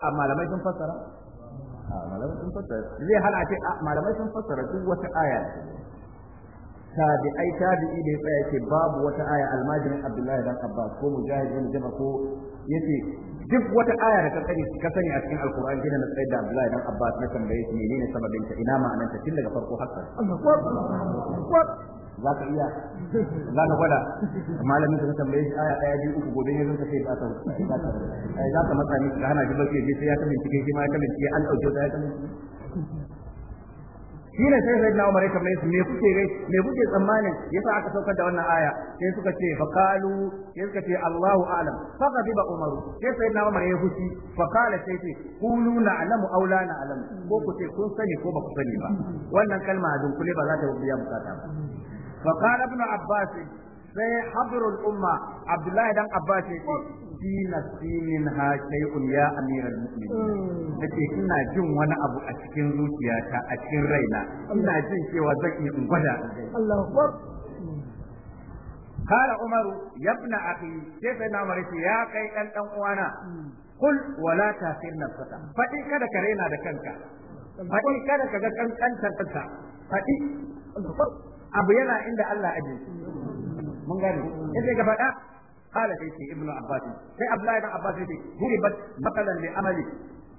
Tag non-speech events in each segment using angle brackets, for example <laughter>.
a malamai sun fassara a malamai sun fassara zai hana ce a malamai sun fassara duk wata aya tabi'ai tabi'i da ya tsaya ce babu wata aya almajirin abdullahi dan abbas ko mujahid ibn jama ko yace duk wata aya da ka sani ka sani a cikin alquran gina na tsayar da abdullahi dan abbas na tambaye shi menene sababin ta ina ma'anar ta tun daga farko har za ka iya za ka gwada malamin ka tambaye shi aya daya biyu uku gobe ne zan kace ba ta ai za ka matsa miki hana ji bace je sai ya kamin cikin shi ma ya kamin an dauke ta ya kamin shi ne sai sai na umar ya tambaye me kuke gai me kuke tsammanin yasa aka saukar da wannan aya sai suka ce fa qalu sai suka ce Allahu a'lam fa ba umaru sai sai na umar ya fushi fa qala sai ce qulu na'lamu aw la na'lamu ko ku ce kun sani ko ba ku sani ba wannan kalma a dunkule ba za ta biya bukata ba فقال ابن عباس سي حبر الأمة عبد الله بن عباس في نفسي منها شيء يا أمير المؤمنين نتي كنا جن وانا أبو أشكين روتيا أشكين رينا كنا جن في وزكي مبدا الله أكبر قال عمر يا ابن أخي كيف أنا مريت يا كي أن أوانا قل ولا تاثير نفسك فإن كذا كرينا دكانك فإن كذا كذا كنت أنت فإن abu yana inda Allah aje mun gane yace gaba da kala sai ibnu abbas sai abdullahi ibn abbas sai huribat matalan li amali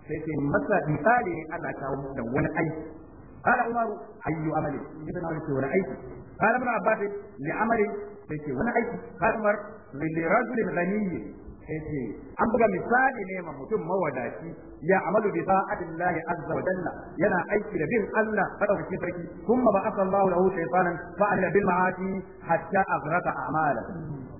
sai ce masa misali ne ana kawo da wani aiki Kala umaru ayyu amali idan wani ce wani aiki qala ibn abbas li amali sai ce wani aiki Kala umar li rajulin ghaniyyin yace an buga misali ne ma mutum mawadaci ya amalu bi ta'atillahi azza wa jalla yana aiki da bin Allah madaukakin sarki kuma ba asallahu lahu shaytanan fa'ala bil ma'ati hatta agrata a'mala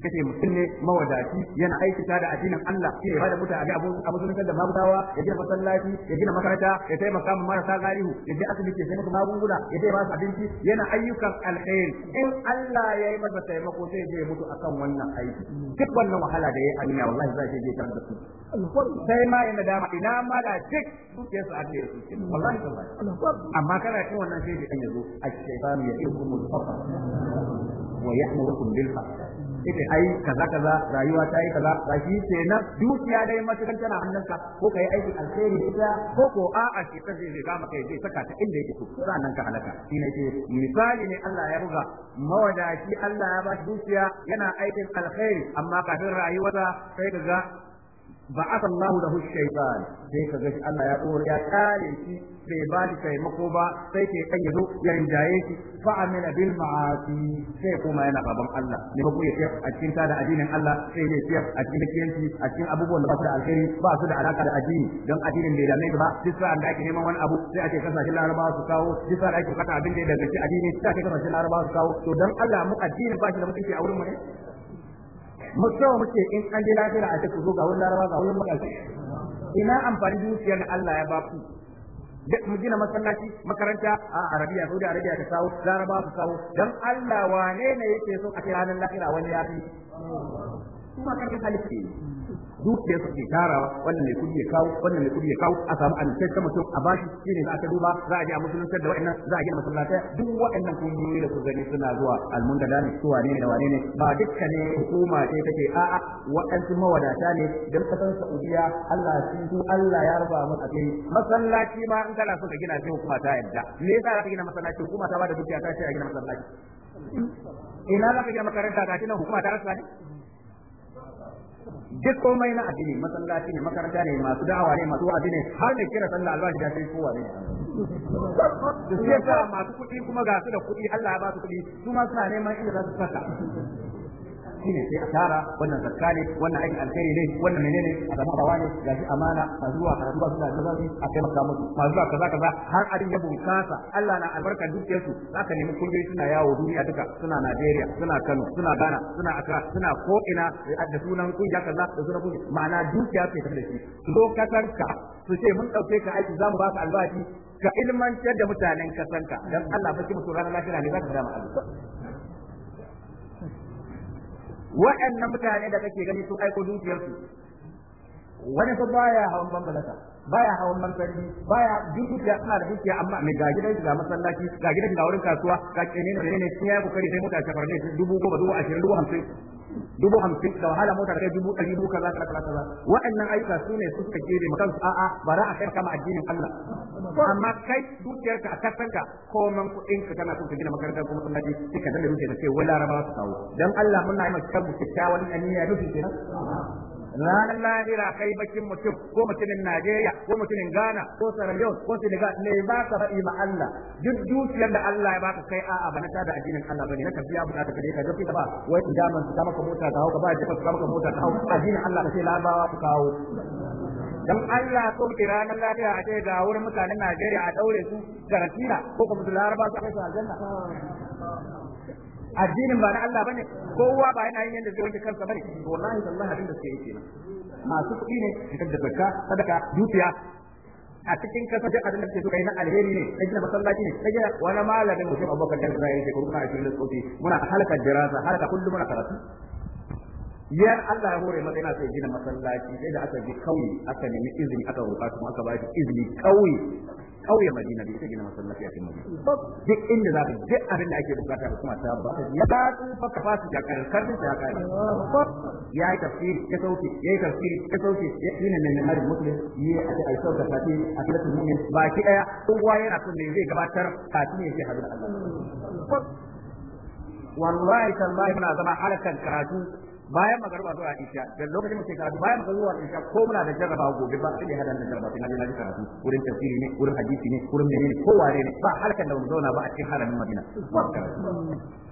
kace mutum ne mawadaci yana aikata da addinin Allah sai ba da mutane abu a musulunta da magudawa ya gina masallaci ya gina makaranta ya kai makamin marasa galihu ya ji asibiti sai maka magunguna ya je ba abinci yana ayyukan alkhair in Allah ya yi masa taimako sai je mutu akan wannan aiki duk wannan wahala da ya yi a wallahi zai je kan da su sai ma yana dama ina ma da duk dukiyar su ake su wallahi amma kana cin wannan sai da yazo a shaytan ya yi kuma wa ya'murukum bil fahsha ita ai kaza kaza rayuwa ta yi kaza ba shi kenan dukiya dai matakan tana hannunka ko kai aikin alheri ita ko ko a a shi ta zai ga maka zai saka ta inda yake a sannan ka halaka shi ne ke misali ne Allah ya buga mawadaci Allah ya ba dukiya yana aikin alheri amma kafin rayuwarsa sai ka ga ba'atha Allahu lahu shaytan sai kaga shi Allah ya tsoro ya kare shi bai ba shi taimako ba sai ke kan yazo ya rinjaye shi fa amina bil ma'asi sai kuma yana baban Allah ne ba ya a cikin tada addinin Allah sai ne ya a cikin kiyanci a cikin abubuwan da ba su da alheri ba su da alaka da addini don addinin bai dame ba duk sa'an da ake neman wani abu sai ake shi larabawa su kawo duk sa'an da ake kasa abin da ya danganci addini sai ake shi larabawa su kawo to dan Allah mu addini ba shi da mutunci a wurin mu ne mutum muke in an je lafiya a cikin zo ga wani laraba ga wani makashi ina amfani dukiyar da Allah ya ba ku mu gina masallaci makaranta a arabiya saudi arabiya ta kawo laraba su kawo dan Allah wane ne yake so a ranar lafiya wani yafi kuma kake halifi dukiyar su ke tarawa wannan mai kudi ya kawo wannan mai kudi ya kawo a samu ta mutum a bashi shine za a ta duba za a je a musulunta da wa'annan za a je masallatai duk wa'annan kungiyoyi da su gani suna zuwa almundada ne su wane ne da wane ne ba ne hukuma ce take a'a waɗansu mawadata ne dan kasan Saudiya Allah shi su Allah ya raba mu a kai masallaci ma in kana so ka gina shi hukuma ta yadda me yasa za ka gina masallaci hukuma ta ba da dukiya ta ce a gina masallaci ina za ka gina makaranta ga kina hukuma ta rasa ne duk komai na addini masallaci ne makaranta ne masu da'awa ne masu wa'azi ne har da kira sallah albashi da sai kowa ne da sai masu kuɗi kuma ga su da kuɗi Allah ya ba su kuɗi su ma suna neman inda za su saka shine sai a tara wannan zakka wannan aiki alkhairi ne wannan menene a samu rawa ne shi amana a zuwa karatu ba su da kaza a kai maka musu ma zuwa kaza kaza har abin ya bunkasa Allah na albarka dukkan su zaka nemi kungiyoyi suna yawo duniya duka suna Najeriya suna Kano suna Ghana suna Accra suna ko ina da sunan kungiya kaza da sunan kungiya ma'ana dukiya ce tafi da shi zo kasarka su ce mun dauke ka aiki zamu baka albashi ka ilmantar da mutanen kasanka dan Allah baki musu ranar lafiya ne zaka dama Allah waɗannan mutane da kake gani su aiko dukiyarsu wani fa baya hawan bambalata baya hawan mantari baya dukiya suna da dukiya amma mai ga gidan ga masallaci ga gidan ga wurin kasuwa ga kene ne ne sun yayi kokari sai mutane shafar ne dubu goma dubu ashirin dubu hamsin dubu hamsin da wahala mota da dubu ɗari dubu kaza kaza kaza waɗannan ayyuka su ne su suka gere maka su a'a ba za a kai kama addinin Allah amma kai dukiyarka a kasanka koman kuɗin ka kana so ka gina makarantar kuma sun daji sai ka dame dukiyar da sai wai laraba su kawo dan Allah muna yi maka kyakkyawan aniya nufi kenan ranar lahira kai bakin mutum ko mutumin Najeriya ko mutumin Ghana ko Sierra ko Senegal ne ba ka faɗi ma Allah duk dukiyar da Allah ya baka kai a'a ba na tada addinin Allah bane na tafiya bukata kare ka gafi ba wai daman man ka maka mota ka hau ka ba ka maka mota ka hau addinin Allah kace labawa ku kawo dan Allah ko ki ranar lafiya a ce ga wurin mutanen Najeriya a daure su garantina ko kuma su laraba su kai su aljanna addinin ba na Allah bane kowa ba yana yin yadda zai wanke kansa bane wallahi abin da suke yi masu kuɗi ne fitar da zakka sadaka dukiya a cikin kasa duk abin da suke kai na alheri ne na gina masallaci ne na gina wani malamin mutum abubakar da zai yi shekaru a cikin lissofi muna halaka dirasa halaka kullum muna karatu yar Allah ya hore masa yana sai gina masallaci sai da aka ji kauye aka nemi izini aka roƙa kuma aka ba shi izini kauye kauye madina bai gina masallaci a cikin madina duk inda za ka duk abin da ake bukata da kuma ta ba ya tsufa ka fasu ya kare karfin ta kare ya yi tafsiri ya sauke ya yi tafsiri ya sauke ya yi nan nan mari muslim yi a ta aisha ka tafi a kila Ba ki daya kowa yana son ne zai gabatar kafin ya ce hadin Allah wallahi tallahi muna zama halakan karatu bayan magarba zuwa isha da lokacin muke karatu bayan magarba zuwa isha ko muna da jarraba gobe ba sai hadan da jarraba sai na je karatu wurin tafsiri ne wurin hadisi ne wurin menene ko ware ne ba harkan da mu zauna ba a cikin haramin Madina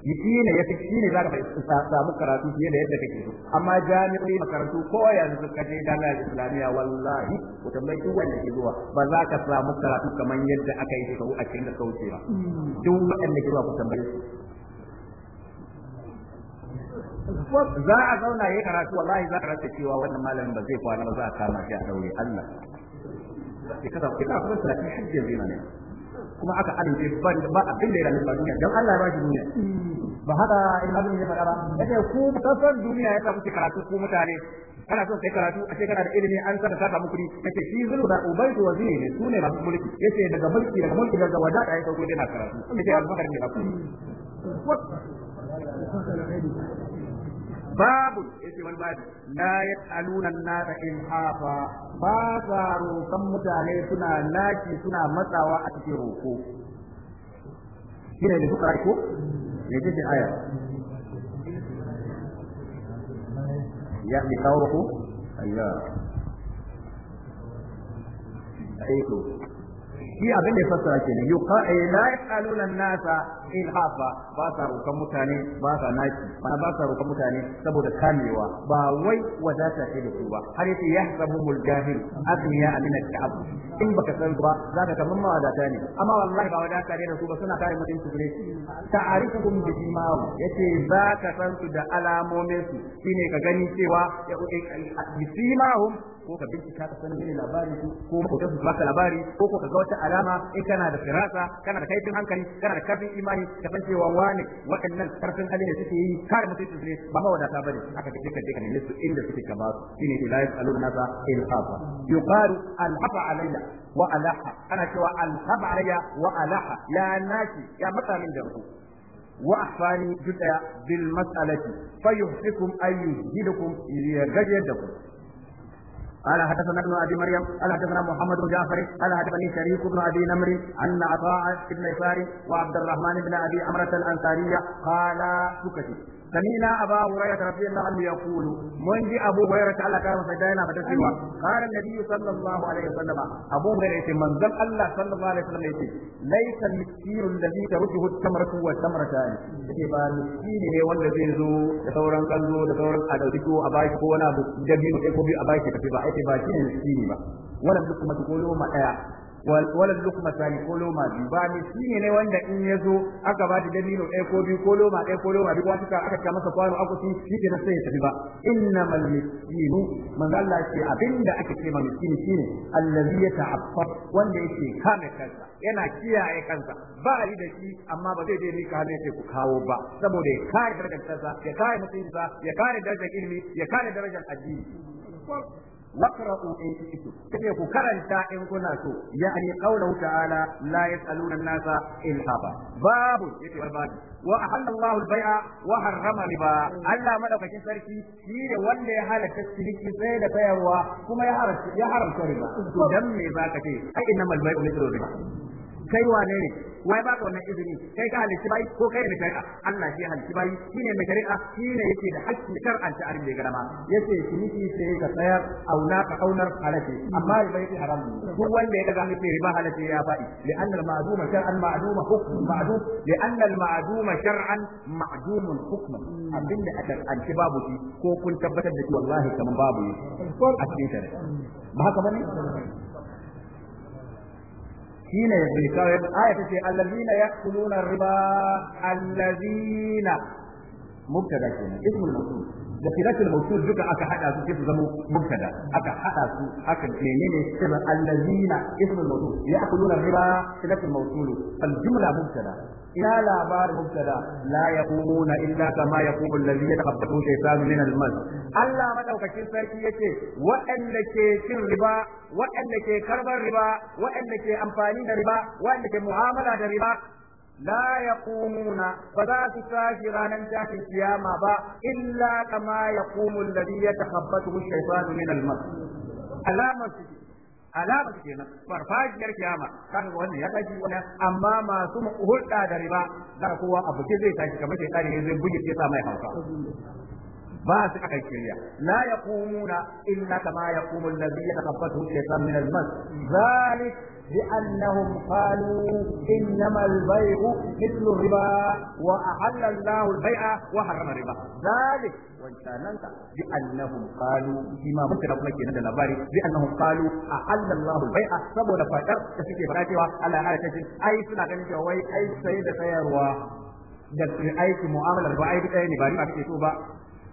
yi ne ya fi ne za ka samu karatu fiye da yadda kake so amma jami'o'i makarantu ko yanzu ka je dalar islamiyya wallahi ko tambayi duk wanda ke zuwa ba za ka samu karatu kamar yadda aka yi shekaru a cikin da kauce ba hmm. duk wanda ke zuwa ku za a zauna ya karatu wallahi za a rasa cewa wannan malamin ba zai kwana ba za a kama shi a daure Allah ki kaza kuma ki hajjin zina ne kuma aka alince ban ba abin da ya rami duniya dan Allah ya ba duniya ba haka in abin ya faɗa ba yace ku kasar duniya ya samu karatu ku mutane kana son sai karatu a kana da ilimi an saka saka muku yace shi zulu da ubaidu waziri ne su ne masu mulki yace daga mulki daga mulki daga wada ya sauko dai na karatu yace abubakar ne hakuri babu yace wani babu la yas'aluna an in hafa ba sa roƙon mutane suna laki suna matsawa a cikin roƙo shine da suka ko ne ce aya ya bi qawluhu ayya aiko shi abin da ya fassara ke ne yuqa eh, la yasaluna nasa ilhafa ba sa rokan mutane ba sa naki ba ba sa rokan mutane saboda kamewa ba wai wadata ce da su ba har yace yahsabuhul jahil ya min al-ta'ab in baka san ba zaka kaman ma wadata ne amma wallahi ba wadata ne da su ba suna kare mutunci ne ta'arifukum bi imamu yace zaka san su da alamomin su shine ka gani cewa ya eh, eh, bi ko ka bincika ka san mene labarin su ko ka su labari ko ka ga wata alama in kana da firasa kana da kaifin hankali kana da karfin imani ka san cewa wani waɗannan karfin hali ne suke yi kare mutunci ne ba ma wadata bane aka ce kan dukkan ne su inda suke kama su shine ke laif aluna za ilhafa yuqalu alhafa alayya wa alaha ana cewa alhafa alayya wa alaha ya naki ya matsalin da ku وأحفاني جزء بالمسألة فيحسكم أن يجهدكم يجد يدكم قال حدثنا ابن ابي مريم قال حدثنا محمد بن جعفر قال حدثني شريك بن ابي نمر ان عطاء بن يساري وعبد الرحمن بن ابي عمره الانصاريه قال سكتي سمينا أبا هريرة رضي الله عنه يقول منجي أبو هريرة على كلام سيدنا فتسوى قال النبي صلى الله عليه وسلم أبو هريرة من ذم الله صلى الله عليه وسلم يقول ليس المسكين الذي ترجه التمرة والتمرتان يجي با مسكين ne wanda zai zo da sauran kallo da sauran adadiko a baki ko wani abu dabino ko biyu a baki tafi ba ai ba shi ne miskini ba wannan duk kuma ko loma daya wala lukma tani ko loma biyu ba ne shine ne wanda in ya zo aka ba da dabino ɗaya ko biyu ko loma ɗaya ko loma biyu ko aka aka ta masa kwano aka ci shi na sai ya tafi ba innamal miskinu man zalla ce abinda ake ce ma miskini shine allazi ta'affa wanda yake kame kansa yana kiyaye kansa ba yi da shi amma ba zai je ne kame ce ku kawo ba saboda ya kare darajar kansa ya kare mutuncinsa ya kare darajar ilimi ya kare darajar addini waqra'u in kuntum kace ku karanta in kuna so yani qawluhu ta'ala la yas'aluna an-nasa ilhaba babu yace babu wa ahalla Allahu al-bai'a wa harrama riba Allah madaukakin sarki shi ne wanda ya halatta ciniki sai da sayarwa kuma ya haramta riba to dan me zaka ce ai innamal bai'u mithlu riba kai wane ne wai ka wannan izini kai ka halitta bai ko kai ne shari'a Allah shi halitta bai shine mai shari'a shine yake da hakkin shar'an ta arin da ga dama yace ciniki sai ka tsayar auna ka aunar halace amma bai yake haram ko wanda ya daga mutum riba halace ya faɗi li anna al ma'duma shar'an ma'duma hukm ma'dum li anna al ma'duma shar'an ma'dumun hukm abinda a shar'anci babu shi ko kun tabbatar da shi wallahi kaman babu a cikin shari'a ba haka bane shine bai kawai aya tace allazina yakuluna riba allazina mubtada kenan ismul mawsul da filatin mawsul duka aka hada su sai su zama mubtada aka hada su aka menene sirra allazina ismul ya ya'kuluna riba filatul mawsul fal jumla mubtada ila labarin mubtada la yaqumuna illa kama yaqumu allazi yatakhabbathu shaytanu min al-mas Allah madaukakin sarki yace waɗanda ke cin riba waɗanda ke karbar riba waɗanda ke amfani da riba waɗanda ke mu'amala da riba la ya kumuna ba za su tashi ranar tashi kiyama ba illa kama ya kumun da ya takabbatu wuce ba ne dalmar alamar su su ke nan farfajiyar kiyama kan wanda ya tashi wani amma masu hulɗa da riba za kowa abu ke zai tashi kamar shekari ne zai buge ke sa mai hauka ba su kai shirya la yaqumuna illa kama yaqumu alladhi yatafattahu shaytan min al-mas zalik bi annahum qalu innama al-bay'u mithlu riba wa ahalla Allah al-bay'a wa harrama riba zalik وانشاننت بأنهم قالوا فيما ممكن أقول لك أن الأبار بأنهم قالوا أحل الله البيع سبو دفاتر تسيكي فراتي وعلى هذا الشيء أي سنة غنية وي أي سيدة سيروا دفع أي معاملة وأي بتأني باري ما تكتوبة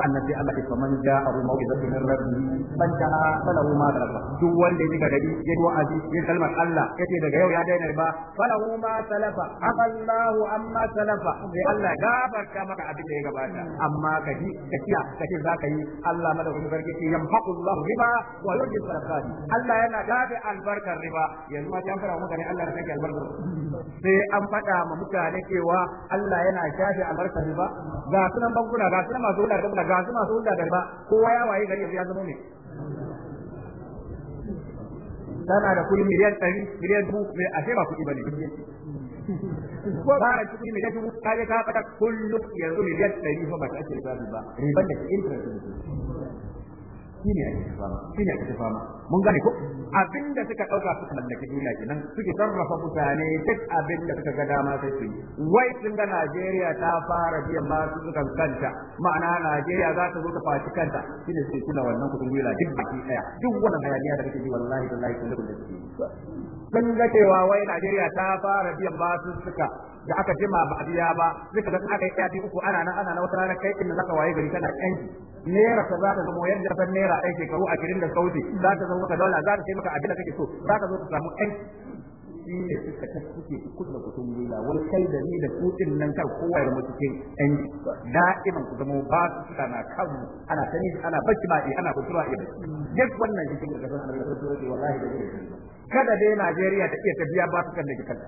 sannan sai Allah ya fa man ja'a hu mau'izatu min rabbi man ja'a falahu ma talaba duk wanda ya ji gari ya yi wa'azi ya kalmar Allah yace daga yau ya daina riba falahu ma talafa afallahu amma salafa. sai Allah gafarta maka abin da ya gabata amma ka ji ka kiya ka ce zaka yi Allah madaukakin sarki ce yamhaqu Allah riba wa yurji sadaqat Allah yana gafe albarkar riba yanzu ma ta fara mutane Allah ya sake albarkar sai an faɗa ma mutane cewa Allah yana gafe albarkar riba ga sunan bankuna ga sunan masu wurare da ga su masu hulɗa garba riba kowa ya waye gari yanzu ya zama mai tana da kuɗi miliyan ɗari miliyan dubu mai ashe ba kuɗi ba ne ko ba a cikin miliyan dubu ka je ka faɗa kullum yanzu miliyan ɗari ba ba ta ake ba riban da ke interest shine ake ma shine ake ma mun gane ko abinda suka dauka suka mallake duniya kenan suke sarrafa mutane duk abinda suka ga dama sai su wai tun ga Najeriya ta fara biyan ma su suka kanta ma'ana Najeriya za ta zo ta faci kanta shine sai kula wannan kudin duniya duk baki daya duk wannan hayaniya da kake ji wallahi billahi kullu da sun ga cewa wai Najeriya ta fara biyan basussuka da aka jima ba biya ba suka ga aka yi uku ana nan ana na wata ranar kai inda zaka waye gari kana yanki naira ta za ka zama yadda san naira ɗaya shekaru ashirin da sauti za ta zama ka dala za ta taimaka abin da kake so za ka zo ka samu yanki shi ne suka ta suke ku kuɗin gila wani kai da ni da kuɗin nan kar kowa ya zama cikin da'iman ku zama ba su suka na kan ana tani ana bacci ma'i eh, ana kutura eh, iya duk wannan shi ne da kasan ana da wallahi da kada dai Najeriya ta iya tafiya ba su kan da kanta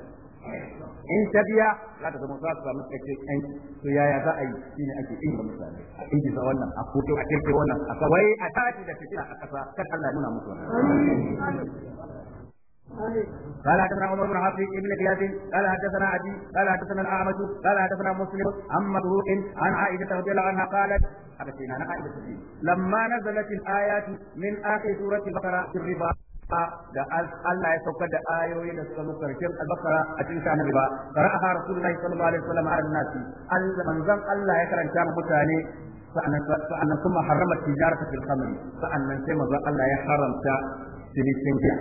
in ta biya za ta zama za ta samu cikakken yanki to yaya za a yi shi ne ake inda mutane a ingiza wannan a koto a kirkiro wannan a kawai a tashi da fitina a kasa kan Allah nuna musu قال حدثنا عمر بن حفص بن قياس قال حدثنا عدي قال حدثنا الاعمش قال حدثنا مسلم عن مبروك عن عائشه رضي الله عنها قالت لما نزلت الايات من اخر سوره البقره في الربا da Allah ya saukar da ayoyi da suka zuka rikin al a cikin ba Rasulullahi sallallahu alaihi wasallam Allah manzon Allah ya karanta ma mutane sa'annan kuma harrama tijarata fil khamr sa'annan sai manzon Allah ya haramta cinikin giya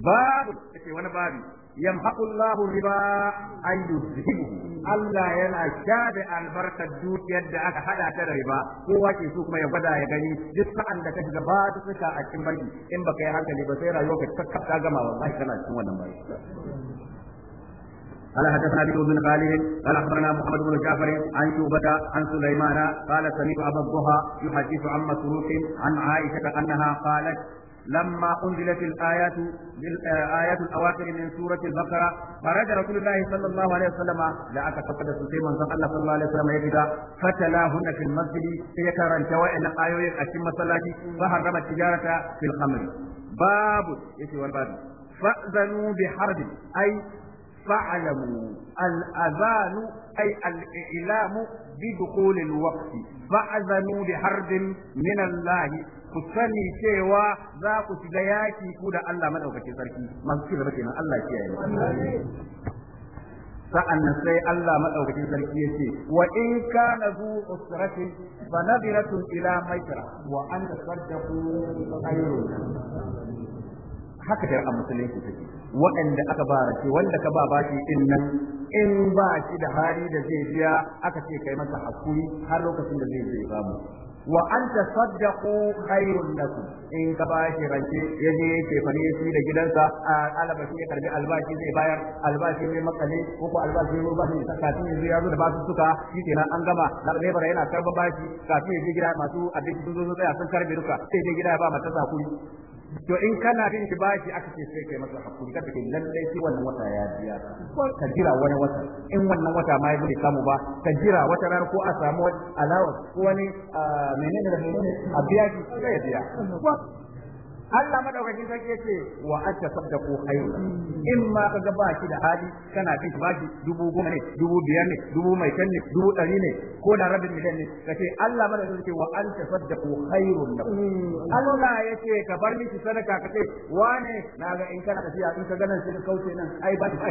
babu yake wani babu yamhaqu riba an yuzhibuhu Allah yana shafe albarkar dukiyar da aka haɗa ta da riba kowa ke so kuma ya gwada ya gani duk sa'an da ka shiga ba ta suka a cikin banki in baka yi hankali ba sai rayuwar ka kakkaf gama wallahi kana cikin wannan bai قال حدثنا ابي بن خالد قال اخبرنا محمد بن جعفر عن شعبة عن سليمان قال سمعت ابا الضحى يحدث عن مسروق عن عائشه انها قالت لما أنزلت الآيات بالآيات الأواخر من سورة البقرة خرج رسول الله صلى الله عليه وسلم لا أتفقد سليما صلى الله صلى الله عليه وسلم يجد فتلاهن في المسجد سيكرا شوائن آيوين أتم صلاتي وحرم التجارة في الخمر باب يتي والباب فأذنوا بحرب أي فاعلموا الأذان أي الإعلام بدخول الوقت فأذنوا بحرب من الله ku sani cewa za ku shiga yaki ku da Allah madaukakin sarki masu ci gaba kenan Allah kiyaye sa'annan sai Allah madaukakin sarki ya ce wa in kana zu usratin fa nadiratun ila maitra wa an tasaddaqu khairun haka da a musulunci take waɗanda aka ba ce wanda ka ba bashi din nan in ba shi da hari da zai biya aka ce kai masa hakuri har lokacin da zai zai samu wa an tasaddaqu khairun lakum in ka ba shi rance ya je ke fane shi da gidansa a shi ya karbi albashi zai bayar albashi mai makale ko ko albashi ne ba ne kafin yanzu ya zo da basu suka shi kenan an gama da lebara yana karba bashi kafin ya je gida masu abinci sun zo tsaya sun karbe duka sai je gida ya ba mata sakuri to in kana bin shi baki aka ce sai kai masa hakuri ka take lallai shi wannan wata ya biya ka jira wani wata in wannan wata ma bai samu ba ka jira wata ran ko a samu alawa ko wani ah, menene da menene a biya shi sai ya biya Allah madaukakin sarki yace wa atta sadaqu khairu in ma ka ga baki da hali kana bin baki dubu goma ne dubu biyar ne dubu mai kan ne dubu dari ne ko da rabin miliyan ne kace Allah madaukakin sarki wa anta sadaqu khairu Allah yace ka bar miki sadaka kace wane naga in kana tafiya in ka ganin sai ka kauce nan ai ba ta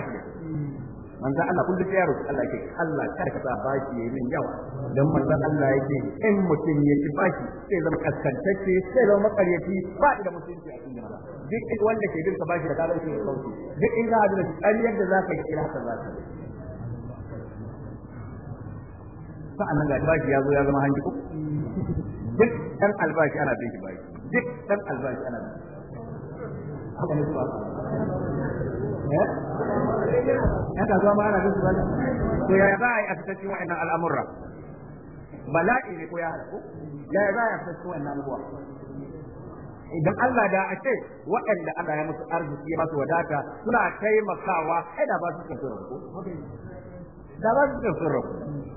manzon Allah kun ga yaro Allah yake Allah kar ka sa bashi yayi min yawa dan manzon Allah yake in mutum ya ci bashi sai zama kaskantacce sai zama makaryaci ba da mutunci a cikin jama'a duk wanda ke bin ka bashi da kalanci ya sauki duk in za a da ƙaryar da za ka yi kira ka za ka yi sa'annan ga bashi ya zo ya zama hanji duk dan albashi ana bin shi duk dan albashi ana bin shi haka ne ba eh? yan kasuwa ma ana bin su bala to ya za a yi a fitacci wa'annan al'amurra bala'i ne ko ya haɗu ya za a yi a fitacci wa'annan abubuwa idan Allah da a ce waɗanda Allah ya musu arziki ya ba su wadata suna taimakawa ai da ba su da ba da sun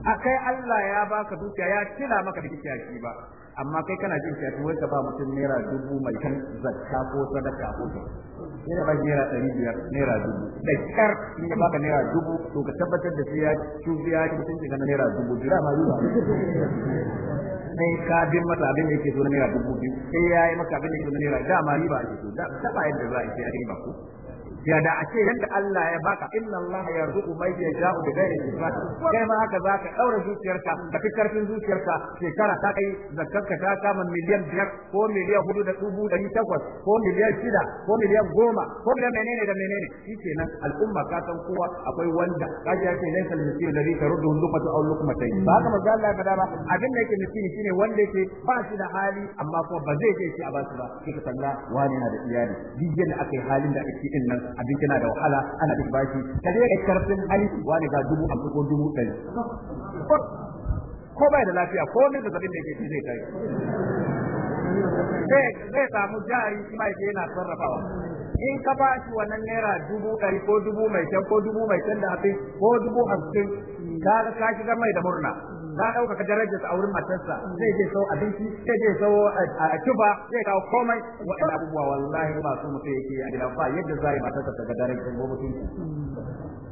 a kai Allah ya baka dukiya ya tila maka da shi ba amma kai kana jin kiyashi wai ka ba mutum naira dubu mai kan zakka ko sadaka ko sai ba naira ɗari biyar naira dubu da kar in ya baka naira dubu to ka tabbatar da sai ya cuzi ya ci mutunci na naira dubu jira ma ba sai ka bi masa abin da yake so na naira dubu biyu sai ya yi maka abin da yake so na naira dama riba ake so da ba yadda za a yi sai a riba ko ya da a ce yadda Allah ya baka inna Allah ya rubu mai ya ja'u da gairi kai ma haka zaka daura zuciyarka ka fi karfin zuciyarka shekara ta kai zakarka ta kama miliyan biyar ko miliyan hudu da dubu dari takwas ko miliyan shida ko miliyan goma ko miliyan menene da menene shi kenan al'umma ka san kowa akwai wanda kaji ce nan kal misir da zai rudu lukmatu aw lukmatai ba haka manzo Allah ya faɗa ba abin da yake misiri shine wanda yake ba shi da hali amma kuma ba zai je shi a ba shi ba kika sanna wani na da iyali duk yadda halin da ake cikin nan abinci na da wahala ana bin bashi ka je da karfin hali wani ga dubu a ko dubu ɗari ko bai da lafiya ko ne da zabin da yake zai tare zai samu jari shi ma yake yana sarrafawa in ka ba shi wannan naira dubu ɗari ko dubu mai can ko dubu mai can da hafi ko dubu hamsin kaga ka shiga mai da murna ka dauka darajar sa a wurin matarsa zai je sau abinci zai je sau a kiba zai kawo komai ina abubuwa wallahi ba su mutu yake a gidan fa yadda zai matarsa ta ga darajar gobe sun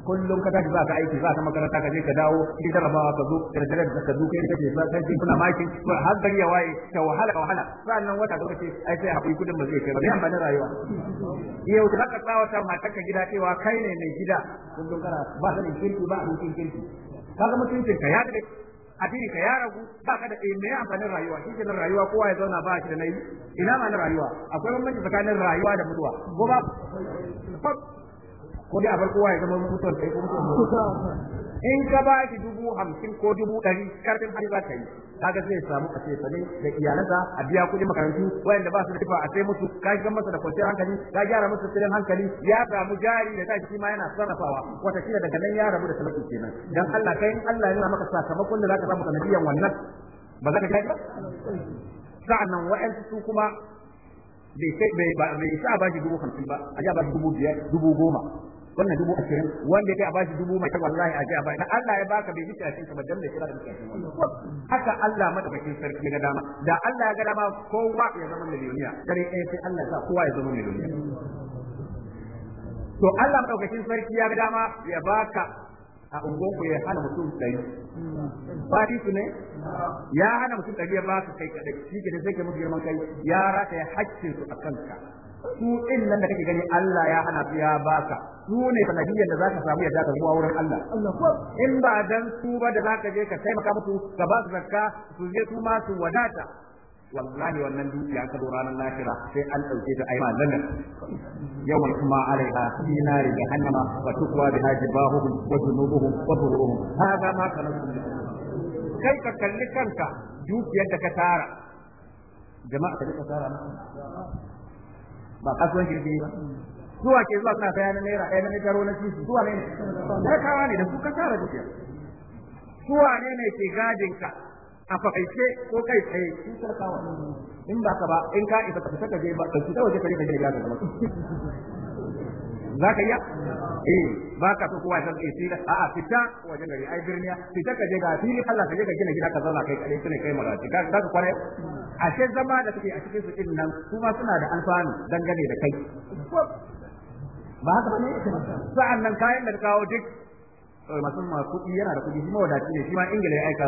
kullum ka tashi ka aiki za ka makaranta ka je ka dawo ki jarabawa ka zo da dare da ka duka kake za ka ji kuna maki ba har gari ya waye ta wahala wahala sannan wata da kace ai sai hakuri kudin ba zai kai ba ne amfani rayuwa yau da ka tsawata mata ka gida cewa kai ne mai gida kullum kana ba sanin kirki ba abincin kirki kaga mutuncin ka ya dade addini ka ya ragu ba ka da eh me amfanin rayuwa shi kenan rayuwa kowa ya zauna ba shi da nayi ina ma na rayuwa akwai bambanci tsakanin rayuwa da mutuwa ko ba ko dai a bar kowa ya zama mutuwa sai ko mutuwa in ka ba shi dubu hamsin ko dubu ɗari karfin hari za ka yi kaga zai samu a tefane da iyalansa a biya kuɗin makarantu wayanda ba su da kifa a sai musu ka shiga masa da kwanciyar hankali ka gyara masa tsirin hankali ya samu jari da tashi ma yana sarrafawa watakila daga nan ya rabu da talauci kenan dan Allah kai in Allah ya nuna maka sakamakon da zaka samu sanadiyan wannan ba za ka kai ba sa'annan wa'ansu su kuma bai sa ba shi dubu hamsin ba a ja ba shi dubu biyar dubu goma wannan dubu ashirin wanda ya a bashi dubu mai wallahi a ji a bashi Allah ya baka bai bisa cikin kamar dan da kira da mutane haka Allah madaukakin sarki ga dama da Allah ya ga dama kowa ya zama miliyoniya dare ɗaya sai Allah ya sa kowa ya zama miliyoniya to Allah madaukakin sarki ya ga dama ya baka a ku ya hana mutum ɗari fadi su ne ya hana mutum ɗari ya baka kai kaɗai shi ke da sai ke musu girman kai ya rata ya su a kanka su in nan da kake gani Allah ya hana su ya baka su ne sanadiyyar da zaka samu yadda ka zuwa wurin Allah in ba dan su ba da zaka je ka taimaka musu ka ba su zakka su je su ma su wadata wallahi wannan dukiya ka ranar lafira sai an dauke ta ayyuka nan Yawan kuma alaiha dinari da hannama wa tukwa biha jibahuhum wa junubuhum wa hada ma kana kai ka kalli kanka dukiyar da ka tara jama'a ka tara ba kasuwanci yake yi ba zuwa ke zuwa suna saya na naira ɗaya na taro na titi zuwa ne ne kawa ne da su ka tara dukiya zuwa ne ne ke gadin ka a fakaice ko kai tsaye su sarkawa in ba ka ba in ka isa ka fita ka je ba ka fita waje ka je ka je ya ka zama za ka iya eh ba ka so kowa san isi da a'a fita wajen gari ai birniya fita ka je ga fili Allah ka je ka gina gida ka zauna kai kai kine kai magana. ka ka a ashe zama da kake a cikin su din nan kuma suna da alfanu dangane da kai ba haka bane sa'an nan kayan da kawo duk eh, masu masu kuɗi yana da kuɗi shi mawadaci ne shi ma ingila ya aika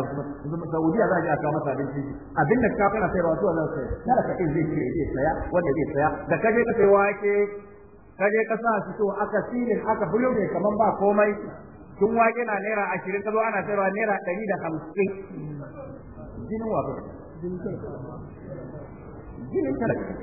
su saudiya za a je a kawo masa abinci abin da ka fara sayarwa su wannan sai kada ka ce zai ce zai saya wanda zai saya da kaje ka sai wake ka je ka sa su to aka silin aka buyo ne kaman ba komai tun wake na naira ashirin ka zo ana sayarwa naira ɗari da hamsin jinin wa jinin talaka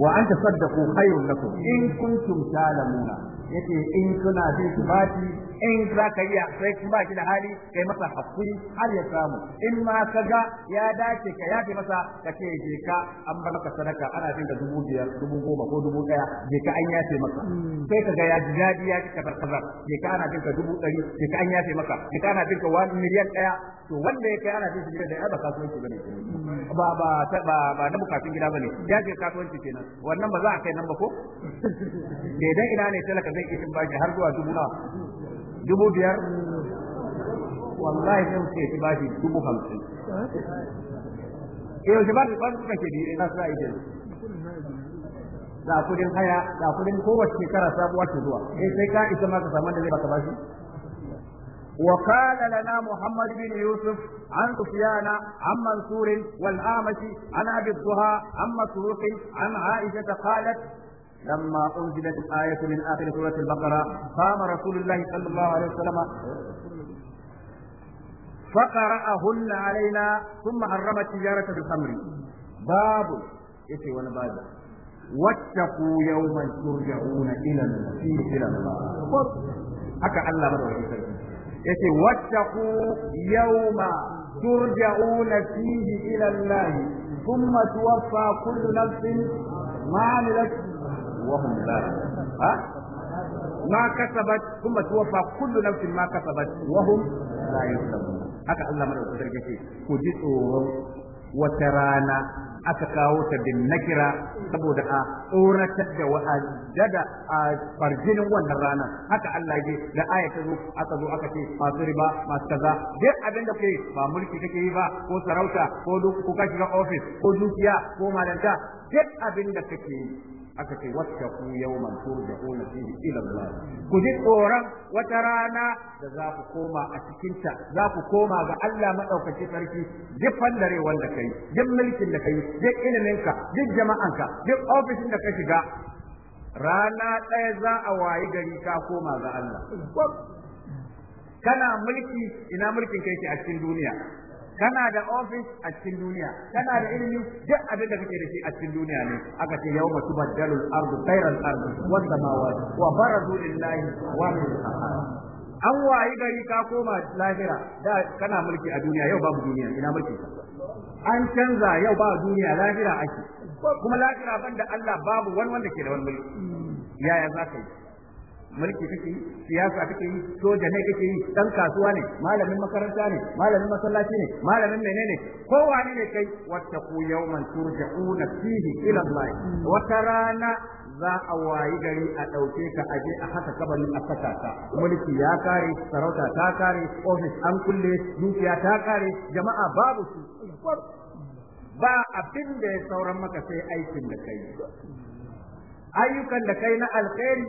wa an tasaddaqu khayrun lakum in kuntum ta'lamuna yake in kuna bin sibati in za ka iya sai kun ba shi da hali kai masa hakuri har ya samu in ma ka ga ya dace ka yafe masa ka ce je ka an ba maka sadaka ana jin da dubu biyar dubu goma ko dubu daya je ka an yafe maka hmm. sai ka ga ya ji daɗi ya ka kazar je ka ana jin ka dubu ɗari je ka an yafe maka je ka ana jin ka miliyan ɗaya to wanda ya kai ana cin shi da ba kasuwanci bane ba ba ba ba na bukatun gida bane ya ce kasuwanci kenan wannan ba za a kai nan ba ko Da <laughs> idan ina ne talaka zai kishin bashi har zuwa dubu nawa dubu biyar wallahi sai wuce ki bashi dubu hamsin eh yaushe ba ba su kake da na sai idan da kudin haya da kudin kowace shekara sabuwa ce zuwa eh sai ka isa ma ka samu da zai baka bashi وقال لنا محمد بن يوسف عن سفيان عن منصور والأعمش عن أبي الضحى عن مسروق عن عائشة قالت لما أنزلت الآية من آخر سورة البقرة قام رسول الله صلى الله عليه وسلم فقرأهن علينا ثم حرم التجارة بالخمر باب يتي وانا باب واتقوا يوما ترجعون إلى المسيح إلى الله haka Allah madawacin sarki yace wattaqu yawma turja'una fihi ila Allah thumma tuwaffa kullu nafsin ma 'amilat wa hum la ha ma kasabat thumma tuwaffa kullu nafsin ma kasabat wa hum la yuzlamun haka Allah madaukakin sarki ce ku ji tsoron wata rana aka kawo ta bin nakira saboda a tsoratar da wa'addada a farjinin wannan rana, haka Allah ya da aya ta zo aka zo aka ce masu riba masu kaza duk abin da kai ba mulki kake yi ba ko sarauta ko duk ko kashi shiga office ko dukiya ko malanta duk abin da kake yi aka ce wattaku yawman turja'una fihi ila Allah ku ji tsoron wata rana da za ku koma a cikin ta za ku koma ga Allah madaukaki sarki duk fandare wanda kai duk mulkin da kai duk ilimin duk jama'anka duk ofishin da ka shiga rana ɗaya za a wayi gari ka koma ga Allah kana mulki ina mulkin kai ke a cikin duniya kana da ofis a cikin duniya kana da ilimi duk abin da kake da shi a cikin duniya ne aka ce yawma tubaddalu al-ardu ghayra al-ardu was samawati wa barazu lillahi wa an wayi gari ka koma lahira da kana mulki a duniya yau babu duniya ina mulki ka an canza yau ba duniya lahira ake kuma lahira banda Allah babu wani wanda ke da wani mulki yaya za ka yi mulki kake yi siyasa kake yi soja ne kake yi dan kasuwa ne malamin makaranta ne malamin masallaci ne malamin menene kowane ne kai wattaqu yawman turja'una fihi ila Allah wata rana za a wayi gari a ɗauke ka aje a haka kabarin a saka ta mulki ya kare sarauta ta kare ofis an kulle dukiya ta kare jama'a babu su ba abin da ya sauran maka sai aikin da kai ayyukan da kai na alkhairi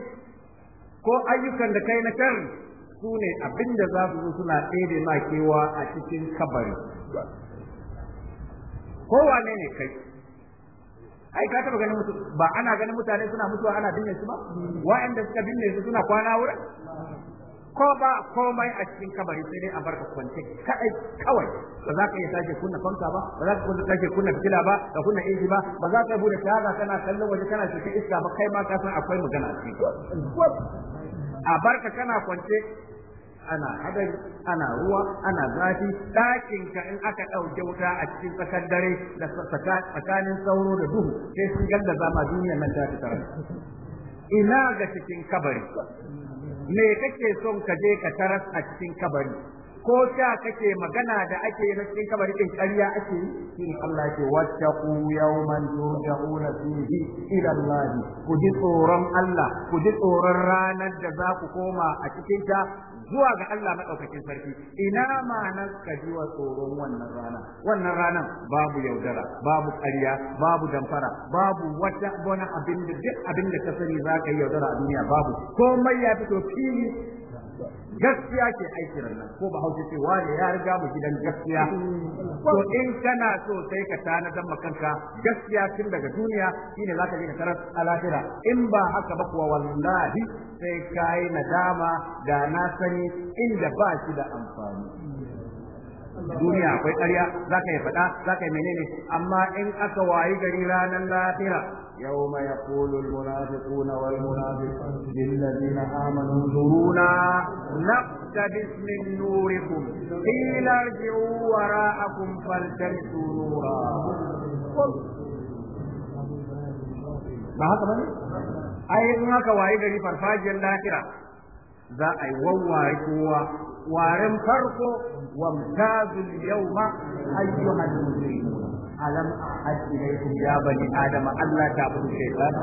ko ayyukan da kai na kan su ne abinda za su suna ɗebe ma kewa a cikin kabari Kowa ne kai ai ka taba ganin mutum ba ana ganin mutane suna mutuwa ana binne su ba wa'anda suka binne su suna kwana wurin ko ba komai a cikin kabari sai dai a bar ka kwance kai kawai ba za ka iya sake kunna fanka ba ba za ka kunna sake kunna fitila ba ka kunna inji ba ba za ka bude shahada kana kallon waje kana cikin iska ba kai ma ka san akwai magana a cikin a barka kana kwance ana hadari ana ruwa ana zafi ɗakin ka in aka ɗauke wuta a cikin tsakar dare da tsakanin sauro da duhu sai sun za ma duniya nan ta fitar ina ga cikin kabari me kake son ka je ka taras a cikin kabari ko sha kake magana da ake na cikin kabari din ƙarya ake yi shine Allah ke wattaqu yawman turja'una fihi ila Allah ku ji tsoron Allah ku ji tsoron ranar da za ku koma a cikin ta zuwa ga Allah madaukakin sarki ina ma nan ka ji wa tsoron wannan rana wannan ranan babu yaudara babu ƙarya babu damfara babu wata wani abin da duk abin da ka sani za ka yi yaudara a duniya babu komai ya fito fili gaskiya ke aikin nan ko ba hausa ce wani ya riga mu gidan gaskiya to in kana so sai ka tana dan makanka gaskiya tun daga duniya shine zaka je ka tarar a in ba haka ba kuwa wallahi sai kai nadama da na sani inda ba shi da amfani duniya akwai ƙarya za ka yi faɗa za ka yi menene amma in aka wayi gari ranar lahira يوم يقول المنافقون والمنافقات للذين آمنوا انظرونا نقتبس من نوركم قيل ارجعوا وراءكم فالتمسوا نورا ba haka bane ai in haka waye gari farfajiyar lahira za a yi wawware kowa waren farko wamtazul yawma ayyuhal mujrimun alam ahad ilaykum ya bani adama Allah ta budu shaytan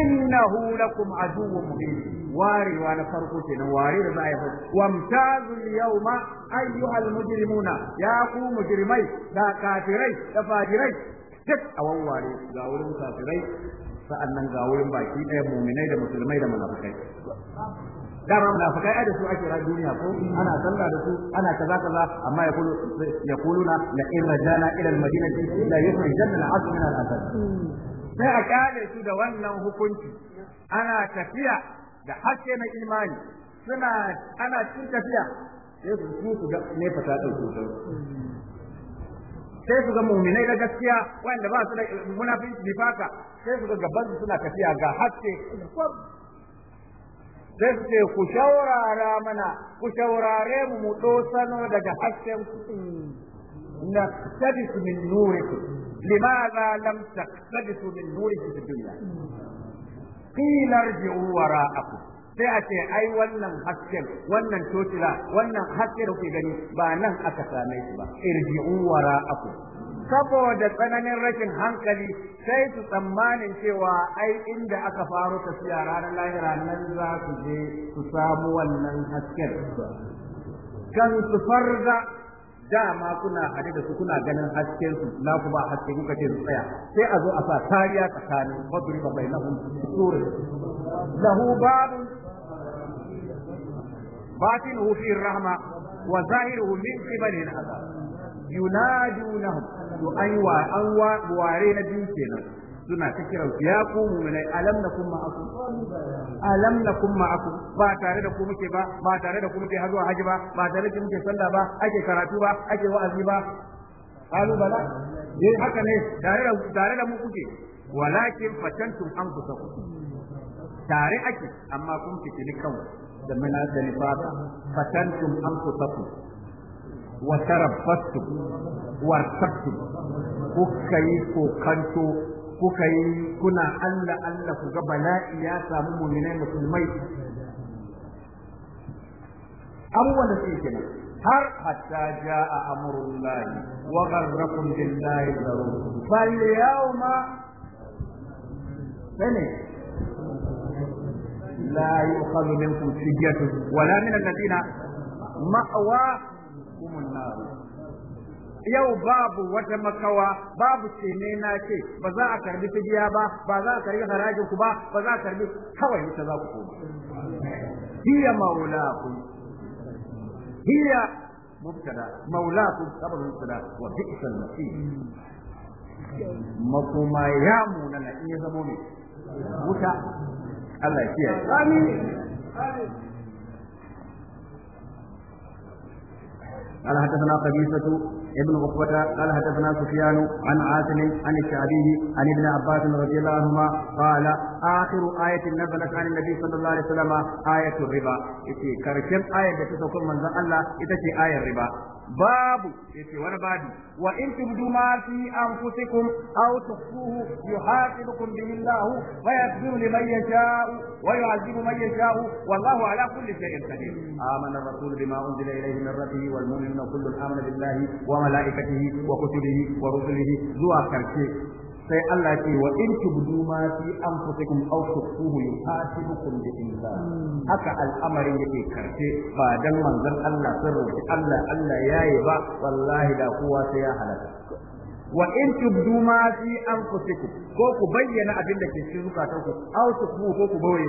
innahu lakum aduwwun mubin warewa na farko na ware da za a yi ma wamtazul yawma ayyuha almujrimuna ya ku mujrimai da kafirai da fajirai duk a wawware ga wurin kafirai sa'annan ga wurin baki ɗaya muminai da musulmai da munafikai dama munafikai ai da su ake rayuwa duniya ko ana sallah da su ana kaza kaza amma ya kulu ya kuluna la in rajana ila al madinati la yukhrijanna al asr min al asr sai a kyale su da wannan hukunci ana tafiya da hakke na imani suna ana cikin tafiya sai su su ga ne fata dauko sai su ga mu'minai da gaskiya wanda ba su da munafiki bifaka sai su ga gaban suna tafiya ga hakke sai ku shaurara mana ku shaurare mu mu dosano daga hasken na su min ku, limaza lam su min nurikum fi dunya qila irji'u aku sai a ce ai wannan hasken wannan totila wannan hasken da ku gani ba nan aka same shi ba irji'u aku. saboda tsananin rashin hankali sai su tsammanin cewa ai inda aka faro tafiya ranar lahira nan za su je su samu wannan hasken kan su farza dama kuna hade da su kuna ganin hasken su na kuma haske kuka ce su tsaya sai a zo a sa kariya tsakanin fadri ba bai lahun sura lahu babu batinuhu fi rahma wa zahiruhu min qibali al-azab yunadunahum to an wa an ware na biyu kenan suna ta kiran ya ku mu'minai alam nakum ma'akum alam nakum ma'akum ba tare da ku muke ba ba tare da ku muke hazuwa haji ba ba tare da muke sallah ba ake karatu ba ake wa'azi ba qalu bala eh haka ne tare da tare da mu kuke walakin fatantum anfusakum tare ake amma kun fitini kanku da mana da nifasa fatantum anfusakum wa tarabbastu wa sabtu kuka yi kokanto kuka yi kuna Allah Allah ku ga bala'i ya samu mu'minai musulmai abubuwan da suke kenan har hatta ja'a amrullahi wa gharrakum billahi daru fal yawma sani لا يؤخذ منكم فدية ولا من الذين مأوى masakumun naru yau babu wata makawa babu cene na ce ba za a karbi fidiya ba ba za a karbi harajin ku ba ba za a karbi kawai ita za ku koma hiya maulakum hiya mubtada maulakum sabab mubtada wa bi'sal masih makuma ya mu na in ya zamo ne wuta Allah ya kiyaye amin amin قال حدثنا قبيصة ابن عقبة قال حدثنا سفيان عن عاصم عن الشعبي عن ابن عباس رضي الله عنهما قال آخر آية نزلت عن النبي صلى الله عليه وسلم آية الربا يتي كرشم آية تتوكل من ذا الله يتي آية الربا باب يتي وانا بادي وإن تبدوا ما في أنفسكم أو تخفوه يحاسبكم به الله ويغفر لمن يشاء ويعذب من يشاء والله على كل شيء قدير آمن الرسول بما أنزل إليه من ربه والمؤمنون كل آمن بالله وملائكته وكتبه ورسله ذو كرشم sai Allah ce wa in tubdu ma fi anfusikum aw tukhuhu yuhasibukum bi insan haka al'amarin yake karfe ba dan manzon Allah sun roki Allah Allah yayi ba wallahi da kowa sai ya halaka wa in tubdu ma fi anfusikum ko ku bayyana abin da ke cikin zukatanku aw tukhuhu ko ku boye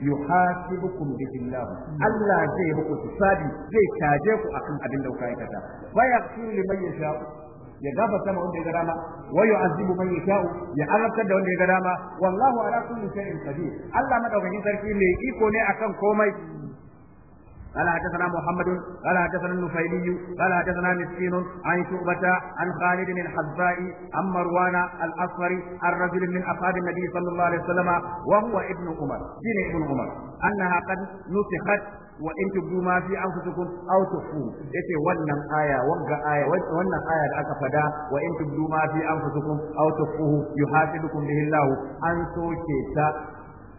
yuhasibukum bihi Allah Allah zai muku hisabi zai caje ku akan abin da kuka aikata fa yaghfiru liman yasha'u ya gafarta ma wanda ya ga dama wa yu'azzibu man yasha'u ya azabtar da wanda ya ga dama wallahu ala kulli shay'in qadir Allah madaukakin sarki mai iko ne akan komai قال حدثنا محمد قال حدثنا النفيلي قال حدثنا مسكين عن شعبة عن خالد بن الحذاء عن مروان الأصفري عن رجل من أصحاب النبي صلى الله عليه وسلم وهو ابن عمر دين ابن عمر أنها قد نسخت wa in tubu ma fi anfusikum aw tukhfu yace wannan aya wanga aya wannan aya da aka fada wa in tubu ma fi anfusikum aw tukhfu yuhasibukum bihi Allah an soke ta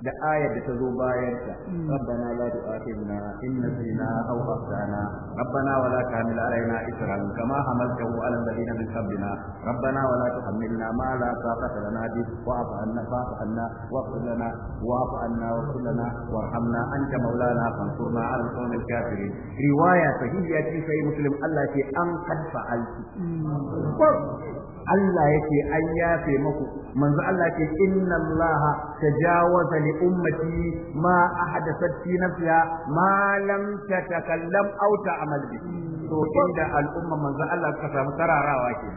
da ayar da ta zo bayan ta hmm. rabbana la tu'akhidna in nasina aw akhtana rabbana wa la tahmil alaina isran kama hamaltahu ala alladhina min qablina rabbana wala la tuhammilna ma la taqata lana bi wa'fu anna fa'fu anna waghfir lana wa'fu anna waghfir lana warhamna anta maulana fansurna ala alqawmi alkafirin riwaya sahihiya fi sai muslim Allah ce an qad fa'altu hmm. Allah yake an yafe maku manzo Allah ce inna Allah تجاوز لأمتي ما أحدثت في نفسها ما لم تتكلم أو تعمل به to inda al'umma manzo Allah ka samu tararawa ke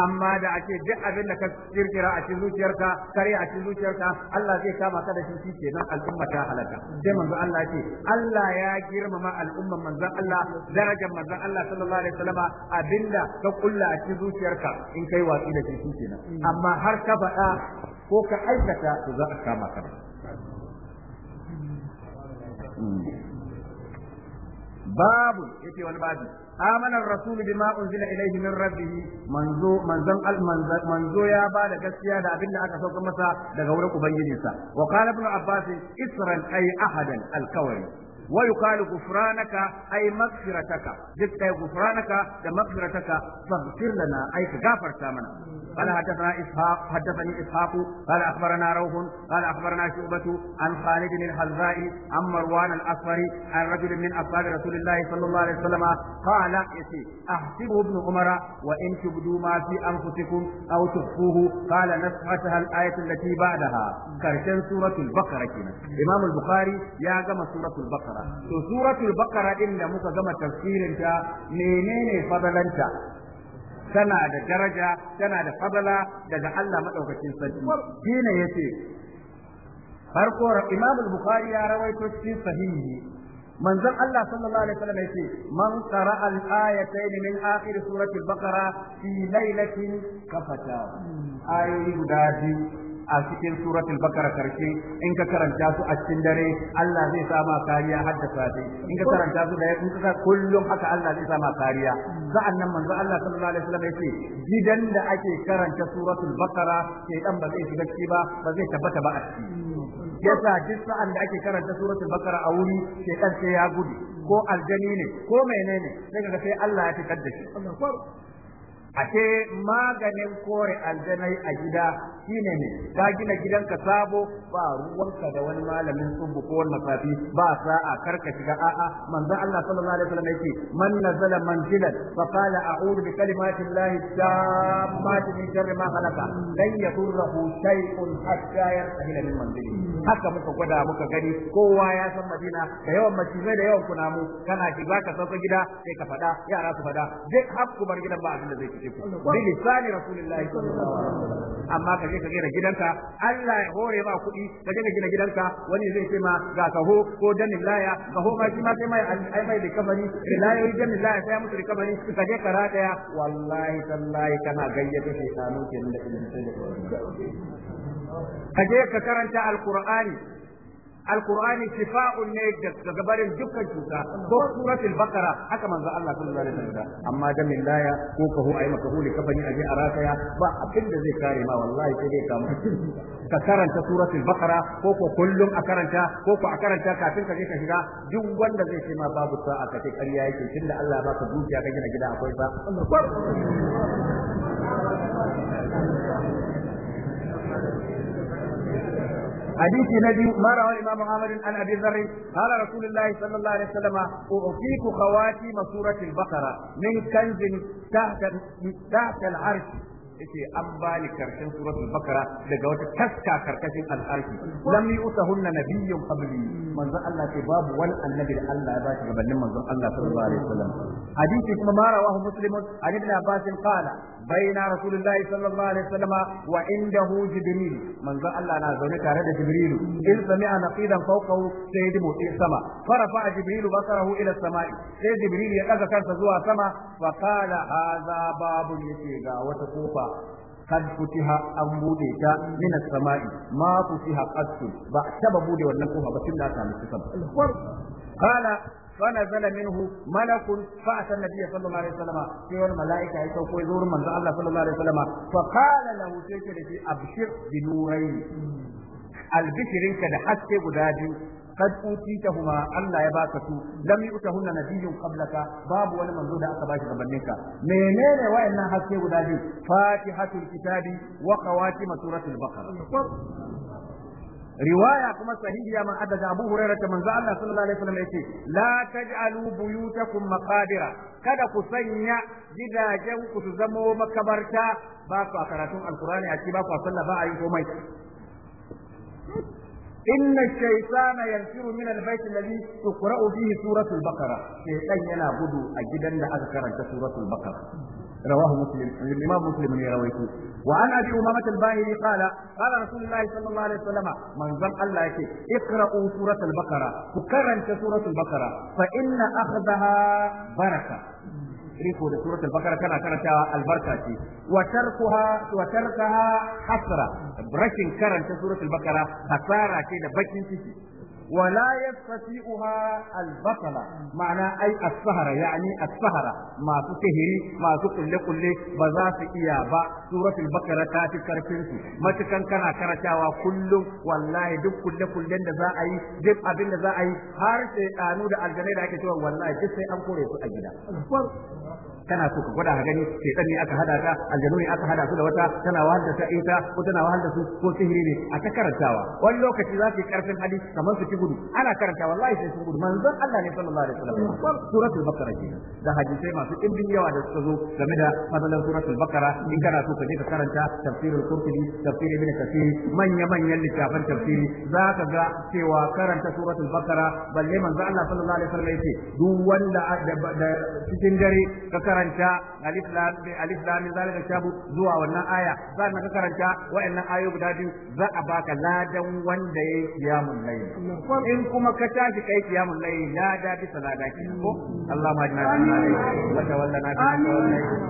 amma da ake duk abinda ka kirkira a cikin zuciyarka kare a cikin zuciyarka Allah zai kama ka da shi kenan al'umma ta halaka sai manzo Allah ce Allah ya girmama al'umma manzo Allah darajar manzo Allah sallallahu alaihi wasallam abinda ka kulla a cikin zuciyarka in kai watsi da shi kenan amma har ka faɗa ko ka aikata to za a kama ka hmm. babu yake wani babu amanar rasulu ma unzila ilayhi min rabbih manzo manzan al manzo ya ba da gaskiya da abinda aka sauka masa daga wurin ubangijinsa wa qala ibn abbas isran ay ahadan al kawari yuqalu غفرانك ay مغفرتك dukkan غفرانك da مغفرتك faghfir lana ay gafarta mana. قال حدثنا إسحاق حدثني إسحاق قال أخبرنا روح قال أخبرنا شعبة عن خالد الحذاء عن مروان الأصفر عن رجل من أصحاب رسول الله صلى الله عليه وسلم قال يسي أحسبه ابن عمر وإن تبدوا ما في أنفسكم أو تخفوه قال نسختها الآية التي بعدها كرشن سورة البقرة كنا إمام البخاري يا جمع سورة البقرة سورة البقرة إن مكة جمع تفسير منين فضلا tana da daraja tana da fadala daga Allah madaukakin sarki shine yace farko Imam al-Bukhari ya rawaito cikin sahihi manzon Allah sallallahu alaihi wasallam yace man qara'a al-ayatayn min akhir surati al-baqara fi lailatin kafata ayoyi guda biyu a cikin suratul bakara karshe in ka karanta su a cikin dare Allah zai sama kariya har da safe in ka karanta su da in ka kullum haka Allah zai sama kariya nan manzo Allah sallallahu alaihi wasallam yace gidan da ake karanta suratul bakara sai dan ba zai shiga ciki ba ba zai tabbata ba a ciki yasa duk sa'an da ake karanta suratul bakara a wuri sai dan sai ya gudu ko aljani ne ko menene sai kaga sai Allah ya fitar da shi ashe maganin kore aljanai a gida shine ne ka gina gidanka sabo ba ruwanka da wani malamin tsubu ko wani masafi ba sa'a karka shiga a'a manzon Allah sallallahu alaihi wasallam yake man nazala manzilan fa qala a'udhu bi kalimati llahi tammati min sharri ma khalaqa lan yadurruhu shay'un hatta yartahila min manzilihi haka muka gwada muka gani kowa ya san madina da yawan macizai da yawan kunamu kana ki ka sauka gida sai ka fada yara su fada zai har bar gidan ba abin da zai cike ku bi lisani rasulullahi sallallahu alaihi wasallam amma ka je ka gina gidanka Allah ya hore ba kuɗi ka je ka gina gidanka wani zai ce ma ga kaho ko danin laya kaho ma shi ma sai mai ai mai da kamari layoyi danin laya sai mutu da kamari ka je ka rataya wallahi tallahi kana gayyato shaytanu kenan da ilimin da ka je ka karanta alqur'ani alqur'ani shifa'un ne daga barin dukkan cuta ko suratul baqara haka manzo Allah sallallahu alaihi wasallam amma da min laya ko ka hu ai maka huli kafani aje a rataya ba abin da zai kare ma wallahi sai dai ka ka karanta suratul baqara ko ko kullum a karanta ko ko a karanta kafin ka je ka shiga duk wanda zai ce ma babu sa'a ka ce ƙarya yake tunda Allah ba ka dukiya ka gina gida akwai ba. حديث نبي ما روى الإمام محمد عن أبي ذر قال رسول الله صلى الله عليه وسلم أعطيك خواتيم سورة البقرة من كنز تحت تحت العرش yace an bani karshen suratul bakara daga wata taska karkashin al'arshi lam yutahunna nabiyyun qabli manzon Allah ce babu wani annabi da Allah ya bashi gabanin manzon Allah sallallahu alaihi wasallam hadisi kuma ma rawahu muslimun an ibn abbas qala بين رسول الله صلى الله عليه وسلم وعنده جبريل من ذا الله نازل كاره جبريل إذ سمع نقيدا فوقه سيد موسى ila sama'i, sai بصره ya السماء kansa zuwa sama كان زوا سما فقال هذا باب wata وتكوفا Kan futiha an bude ta ina sama'i ma futiha ciha Ba a taɓa bude wannan kofa ba suna samu kukan. Kala sanadannin manafun fa'asan na biya sallwar Salama, siyar mala'ika ya yi sauƙoƙe za a wajen manta Allah Kala laushe shafi abishin biyar ra'i, albashin rinka da haske guda biyu. kad utitahuma Allah ya baka su lam yutahunna nabiyyun qablaka babu wani manzo da aka bashi da ka menene wayannan haske guda biyu fatihatul kitabi wa qawatim suratul baqara riwaya kuma sahihiya man daga Abu Hurairah ta manzo Allah sallallahu alaihi wasallam yace la taj'alu buyutakum maqabira kada ku sanya gidajen ku su zamo makabarta ba a karatun Alkur'ani a ci ba ku sallah ba a yin komai inna shaytana yanfiru min albayt alladhi tuqra'u fihi suratul baqara shaytan yana gudu a gidan da aka karanta suratul baqara رواه مسلم الإمام مسلم يرويه وعن أبي أمامة الباهلي قال قال رسول الله صلى الله عليه وسلم من ظن الله يكي اقرأوا سورة البقرة وكرنت سورة البقرة فإن أخذها بركة riko da suratul bakara kana karanta albarka ce wa tarkuha wa tarkaha hasra rashin karanta suratul bakara hasara ce da bakin ciki ولا يستطيعها البطلة معنى أي السهرة يعني السهرة ما تسهري ما تقل لكل بذات إيابا سورة البقرة تاتي كرفنس ما تكن كان كرتاوا كل والله دب كل كل ذا أي دب أبن ذا أي هارس آنود الجنة لكي والله جسي أنكوري أجدا kana so ka gwada ka gani shaytan ne aka hada ta aljanu ne aka hada su da wata tana wahal da ita ko tana wahal da su ko sihiri ne a ta karantawa wani lokaci za ki yi karfin hadisi kamar su ci gudu ana karanta wallahi sai sun gudu manzon Allah ne sallallahu alaihi wasallam suratul baqara kenan da hadisai masu dimbin yawa da suka zo game da fadalan suratul baqara in kana so ka je ka karanta tafsirul qurtubi tafsir ibn kathir manya manyan littafan tafsiri za ka ga cewa karanta suratul baqara balle manzon Allah sallallahu alaihi wasallam yake duk wanda cikin dare ka karanta al-islam zalika shabu zuwa wannan aya sannan ka karanta wa'annan ayoyi guda biyu za a baka ladan wanda yayi qiyamul layl in kuma ka tashi kai qiyamul layl lada bi salada ki ko Allah ma jina wa tawallana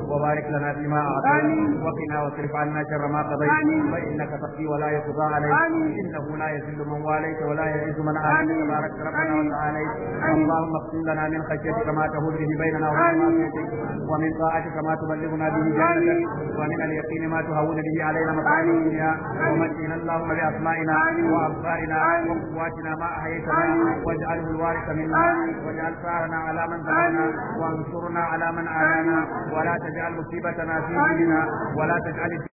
wa barik lana fima a'tayta wa qina wa sirf 'anna sharra ma qadayta fa innaka taqi wa la yuqda alayka innahu la yadhillu man walayta wa la yu'izzu man alayta tabarak rabbana wa ta'ala اللهم اغفر لنا من خشيتك ما تهون به بيننا وبين معصيتك ومن طاعتك ما تبلغنا به جنتك ومن اليقين ما تهون به علينا مصائب الدنيا ومتنا اللهم بأسمائنا وأبصارنا وقواتنا ما أحييتنا واجعله الوارث منا واجعل ثارنا على من ظلمنا وانصرنا على من عادانا ولا تجعل مصيبتنا في ديننا ولا تجعل